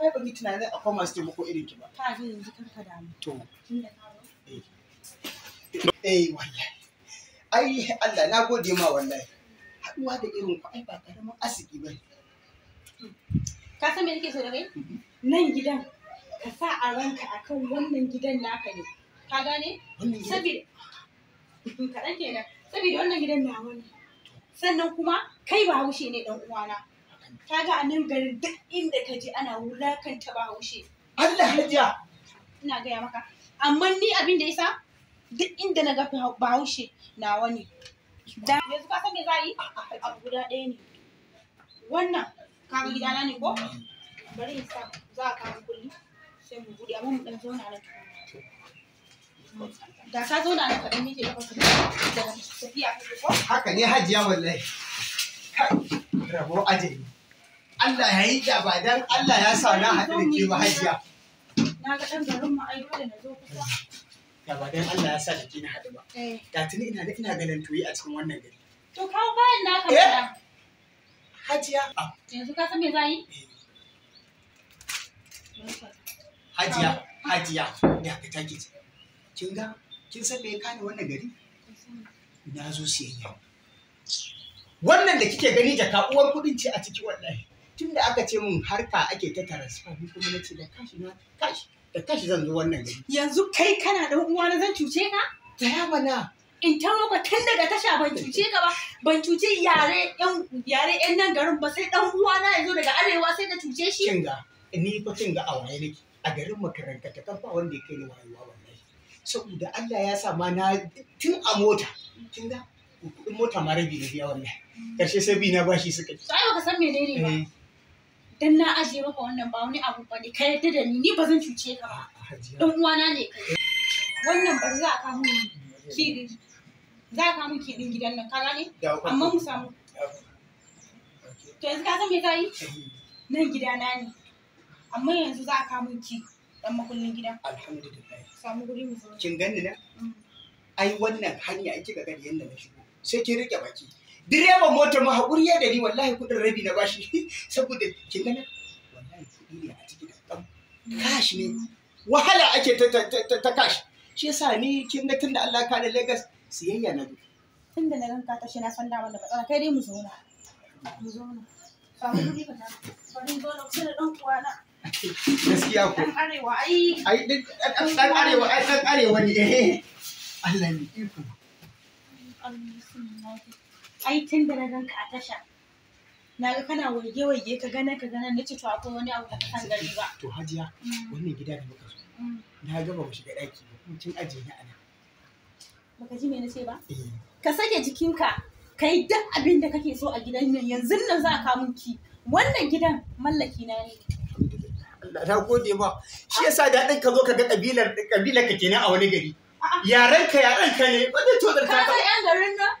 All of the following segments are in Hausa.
kai ba ki tunanin akwai masu taimako irin ki ba ka ji yanzu kanka da mu to eh. eh wallahi ai Allah na gode ma wallahi haduwa da irin ku ai ba karamin asiki ba ka san me nake so da kai nan gidan ka sa a ranka akan wannan gidan naka ne ka gane saboda kaɗan kenan saboda wannan gidan na wani sannan kuma kai ba haushe ne dan uwana kaga a nan garin duk inda ka je ana wulakanta haushe Allah hajiya ina gaya maka amma ni abin da yasa duk inda na ga haushe nawa ne da yanzu ka san me za yi a guda ɗaya ne wannan kaga gidana ne ko mm. bari in sa za a kawo kulli sai mu buɗe amma mu dan zauna na da ka zauna na kaɗan ne ke da kwakwalwa daga tafiya ko haka ne hajiya wallahi Rabo ajiye Allah ya yi da ba dan Allah ya sa na haɗu da ke ba hajiya. Na ga ɗan garin mu ai dole na zo kusa. Da ba dan Allah ya sa da ke na haɗu ba. Eh. Da tuni ina da ina ganin tuyi a cikin wannan gari. To kawo bayan na ka eh? Hajiya. Ah. Yanzu ka san me za yi? Hajiya, Hajiya, ya ka take ce. Kin ga kin san me ya kane wannan gari? Na zo siyayya. Wannan da kike gani jaka uwar kuɗin ce a ciki wallahi. tun da aka ce mun harka ake ta transfer ni kuma nace da kashi na kashi da kashi zan zo wannan gari yanzu kai kana da uwa na zan cuce ka tsaya mana in ta roƙa tun daga tasha ban cuce ka ba ban cuce yare yan yare yan nan garin ba sai dan uwa na yazo daga arewa sai na cuce shi ga ni fa kinga a waye nake a garin makaranta ta kan ba wanda ya kai ni wayewa wallahi saboda Allah ya sa ma na tun a mota ga kuɗin mota ma rabi ne biya wallahi karshe sai bi na bashi suka ci ba ka san menene ba eh. dan na ajiye maka wannan ba wani abu ba ne ka yarda da ni ni ba zan cuce ka ba dan uwana ne kai wannan bari za a kawo ni kidin za a kawo kidin gidan nan ka ne? amma mu samu to yanzu ka san me ka yi nan gidana ne amma yanzu za a kawo ki dan makullin gida alhamdulillah samu guri mu zo kin ganni na mm. ai wannan hanya kika ga yanda na shigo sai ki rike baki direba motar ma haƙuri ya gani wallahi kudin rabi na bashi saboda kin gana wallahi kudi ne a cikin ɗan kashi ne wahala ake ta kashi shi yasa ni kin ga tunda Allah ka da Lagos siyayya na duk tunda na ranka ta shi na san damar da matsala kai dai mu zo na mu zo zauna samu kuɗi ba na bari zo na kusa da kuwa na gaskiya ko ɗan arewa ai ai dan arewa ai dan arewa ne eh Allah ne iko Allah ai tun da na ganka a tasha na ga kana waige waige ka gana ka gana ce to akwai wani abu da ka san gari ba to hajiya mm. wannan gida da muka zo mm. na ga ba mu shiga daki ba kuma tun aje ni ana baka ji me nace ba eh. ka sake jikinka ka yi duk abin da kake so a gidan nan yanzu nan za ka mun ki wannan gidan mallaki na ne na gode ba, shi yasa daɗin ka zo ka ga kabilar kabilar ka kenan a wani gari yaran ka yaran ka ne ba zai to da ka ka yan garin nan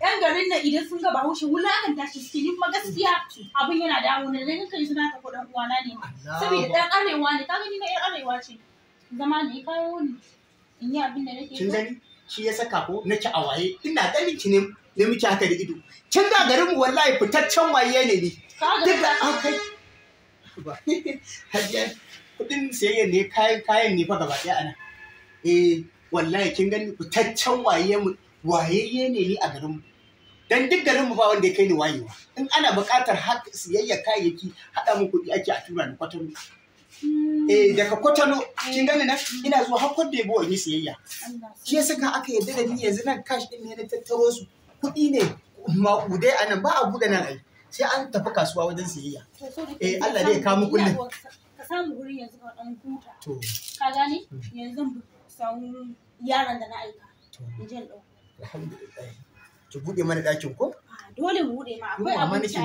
yan garin nan idan sun ga bahaushe wulakanta tashi suke ni kuma gaskiya abin yana dawo ne da kai suna ta kuɗin uwana ne ma saboda dan arewa ne ka gani na yan arewa ce zama ne yi wani in yi abin da nake kin gani shi ya saka ko nake a waye ina ganin ki ne ne muke haka da ido kin ga garin mu wallahi fitaccen waye ne ni duk da akai ba hajiya kudin sayayya ne kayan kayan ne fa gaba daya ana eh wallahi kin gani fitaccen waye mu wayayye ne ni a garin mu dan duk garin mu ba wanda ya kai ni wayewa in ana buƙatar siyayya kayayyaki haɗa mu kuɗi ake a tura ni kwatano hmm. eh daga kwatano kin gane na hmm. ina zuwa har kwadda yabo wani siyayya shi yasa ka aka yarda da ni yanzu nan cash din ne na tattaro su kuɗi ne ma maƙudai a nan ba a buɗe nan ai sai an tafi kasuwa wajen siyayya eh Allah dai ya kawo kullum ka samu gurin yanzu ka dan kuta to ka gane hmm. yanzu samu yaran da na aika in je in dauko alhamdulillah ki buɗe mana ɗakin ko? Ah, dole mu buɗe ma akwai abinci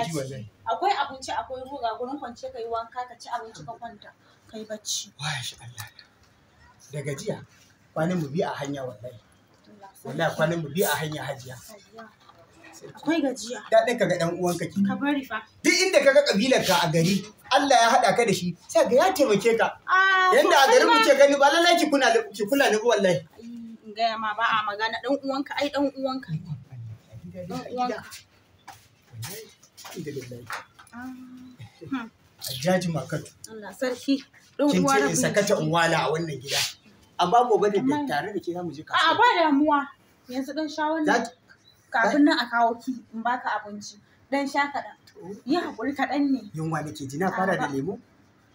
akwai abinci akwai ga gurin kwance kai wanka ka ci abinci ka kwanta kai bacci shi Allah da gajiya kwanin mu bi a hanya wallahi wallahi kwanin mu bi a hanya hajiya akwai gajiya daɗin ka ga ɗan uwanka ki ka bari fa duk inda ka ga kabilar ka a gari Allah ya haɗa ka da shi sai ga ya taimake ka ah, yanda a garin mu gani ba lallai ki kula ni wallahi in gaya ma ba a magana ɗan uwanka ai ɗan uwanka Jaji Makatu. Allah sarki. Kin ce in sakata in wala a wannan gida. Amma gobe da tare da ke za mu je kasuwa. A'a ba damuwa. Yanzu dan sha wannan kafin nan a kawo ki in baka abinci. Dan sha kaɗan. Yi haƙuri kaɗan ne. Yunwa nake ji na fara da lemo.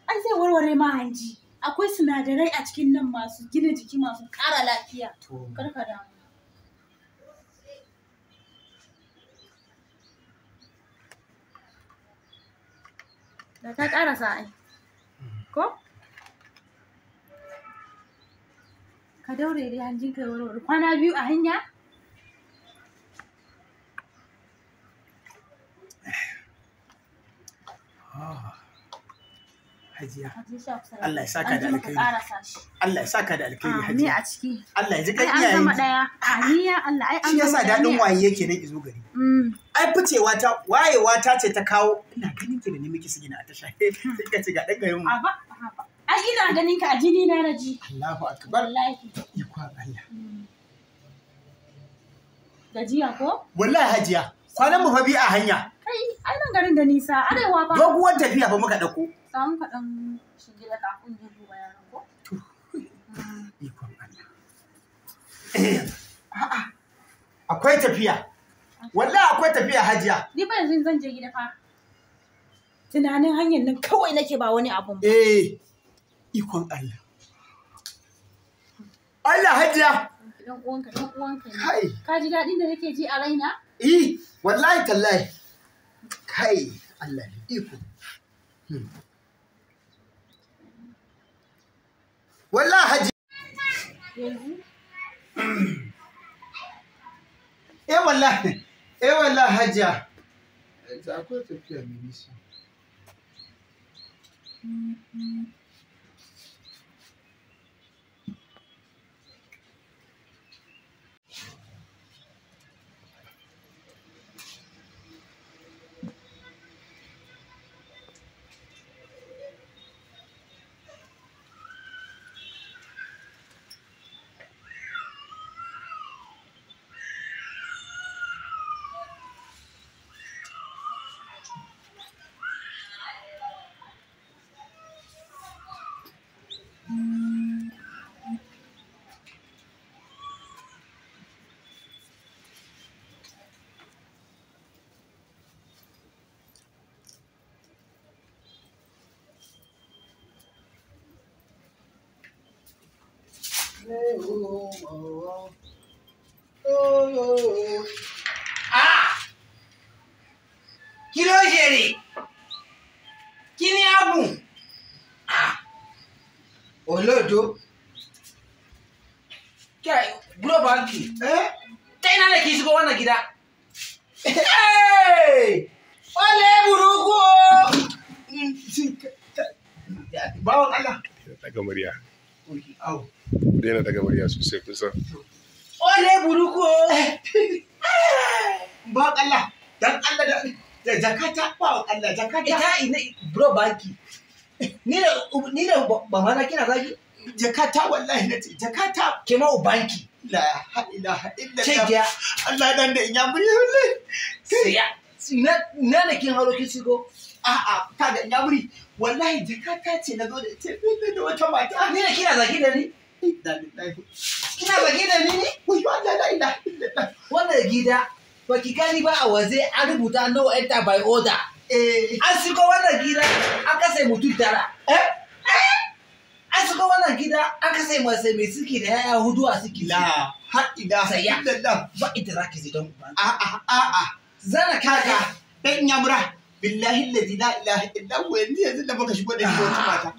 Ai zai warware ma hanji. Akwai sinadarai a cikin nan masu gina jiki masu ƙara lafiya. Karka damu. Da ka ƙara ai. Ko? Ka daure dai hanjinka ya warware. Kwana biyu a hanya? hajiya Allah ya saka da alkhairi Allah ya saka da alkhairi hajiya a ciki Allah ya ji kan iyaye an daya aniya ah, ah. Allah ai an yasa dadin waye yake ne izo gari mm. ai ficewa ta wayewa ta ce ta kawo ina ganin ki da ni miki sigina a tasha sai ka ce ga dan gayin mu a ba ai ina ganin ka a jini na naji Allahu akbar wallahi ikwa Allah mm. gajiya ko wallahi hajiya kwanan mu fa bi a hanya ai nan garin da nisa arewa ba doguwar tafiya fa muka dauko samu kaɗan shige kafin je duba yaran ko? Akwai tafiya. Wallahi akwai tafiya hajiya. Ni ba yanzu zan je hanyar nan kawai nake ba wani abun Eh, ikon Allah. Allah hajiya. Ka ji daɗin da nake ji a raina? Eh, Kai, Allah iko. Hmm. wallahi haji eh wallahi eh wallahi hajiya akwai tafiya mai nisa kí ló ṣèrè kí ni ààbùn olódo kí ẹ gbúrò báńkì tẹ́yìn náà lè kí ìṣubú wọn náà gidá ó lé burúkú o. báwo kálá. Ku daina daga murya sosai Ole buruko. Ba dan Allah da da ba Ita ina bro baki. Ni da ni da ba kina wallahi na ce ke ma banki. La ilaha illa Allah. Allah dan da inya muri wallahi. Siya. Na na kin haro kin shigo. A'a, ka da inya muri. wallahi jakata ce na zo da ita ne da wata mata ni da kina zaki da ni kina zaki da ni ne wai wallahi la ilaha illallah wannan gida ba ki gani ba a waje an rubuta no enter by order eh. an shigo wannan gida an kasa mutum tara eh? Eh? an shigo wannan gida an kasa masa mai suke da yaya hudu a suke la har ida saya ba ita zaki zidan don a a a a zana kaga dan yamra billahi lazi la ilaha illa huwa yanzu yanzu da baka shigo da shi wata mata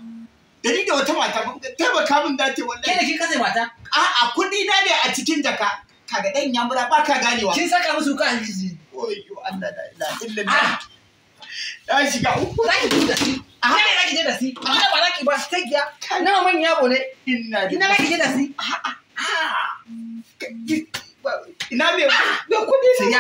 da ni da wata mata taimaka min dace wallahi kai da kin kasai mata a a kudi na ne a cikin jaka kaga dan yamura ba ka ganewa kin saka musu ka hanji oyo Allah da ila illa shi ah! shiga uku zaki ji da shi a haka ne zaki je da shi a ah! haka ba zaki ba sai giya na mun ya ne inna ina zaki je da shi ah! a a ina me me kudi sai